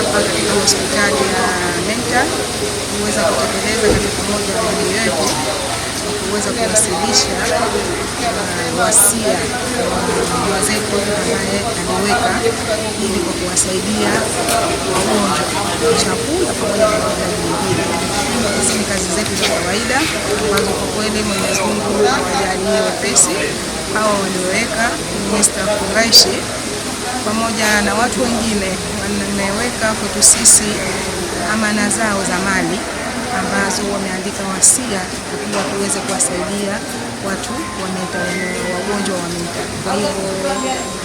hapa katika hospitali ya NECTA kuweza kutekeleza katika moja ya miradi yetu kuweza kuwasilisha uh, wasia wa wazetu ambaye aliweka ili kwa kuwasaidia wagonjwa chakula pamoja na mambo mengine. Hizi ni kazi zetu za kawaida ambazo kwa kweli Mwenyezi Mungu awajalie wepesi hawa walioweka Mr. Fungaishi pamoja na watu wengine wameweka kwetu sisi amana zao za mali ambazo wameandika wasia ili tuweze kuwasaidia watu wagonjwa wa mita. Kwa hivyo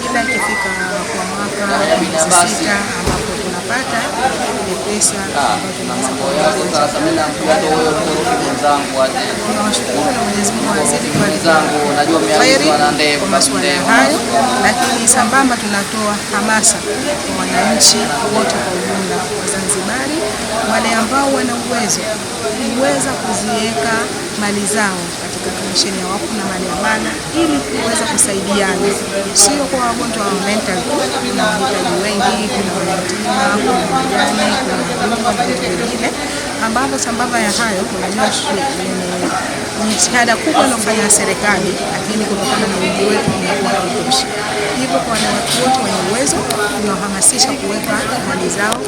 kila ikifika kwa mwaka miezi sita ambapo tunapata pesa ah, na hayo, lakini sambamba tunatoa hamasa kwa wananchi wote kwa ujumla wa Zanzibari, wale ambao wana uwezo kuweza kuziweka mali zao katika kamisheni ya wakfu na mali amana ili kuweza kusaidiana, sio kwa wagonjwa wa mental tu, na wahitaji wengi, kuna mayatima, kuna vile ambapo sambamba ya hayo unajua jitihada kubwa inayofanywa na serikali, lakini kutokana na wingi wetu unakuwa hautoshi. Hivyo kwa watu wote wenye uwezo tunawahamasisha kuweka mali zao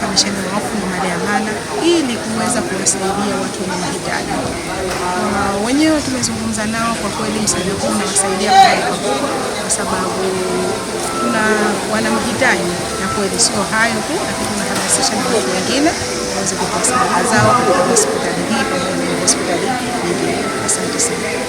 kamishani wa wakfu na mali ya amana ili kuweza kuwasaidia watu wenye mahitaji. Uh, wenyewe tumezungumza nao, kwa kweli msaada huu unawasaidia pakubwa, kwa sababu kuna wana mahitaji na kweli sio hayo tu kuhamasisha na watu wengine waweze kupata silaha zao hospitali hii pamoja na hospitali nyingine. Asante sana.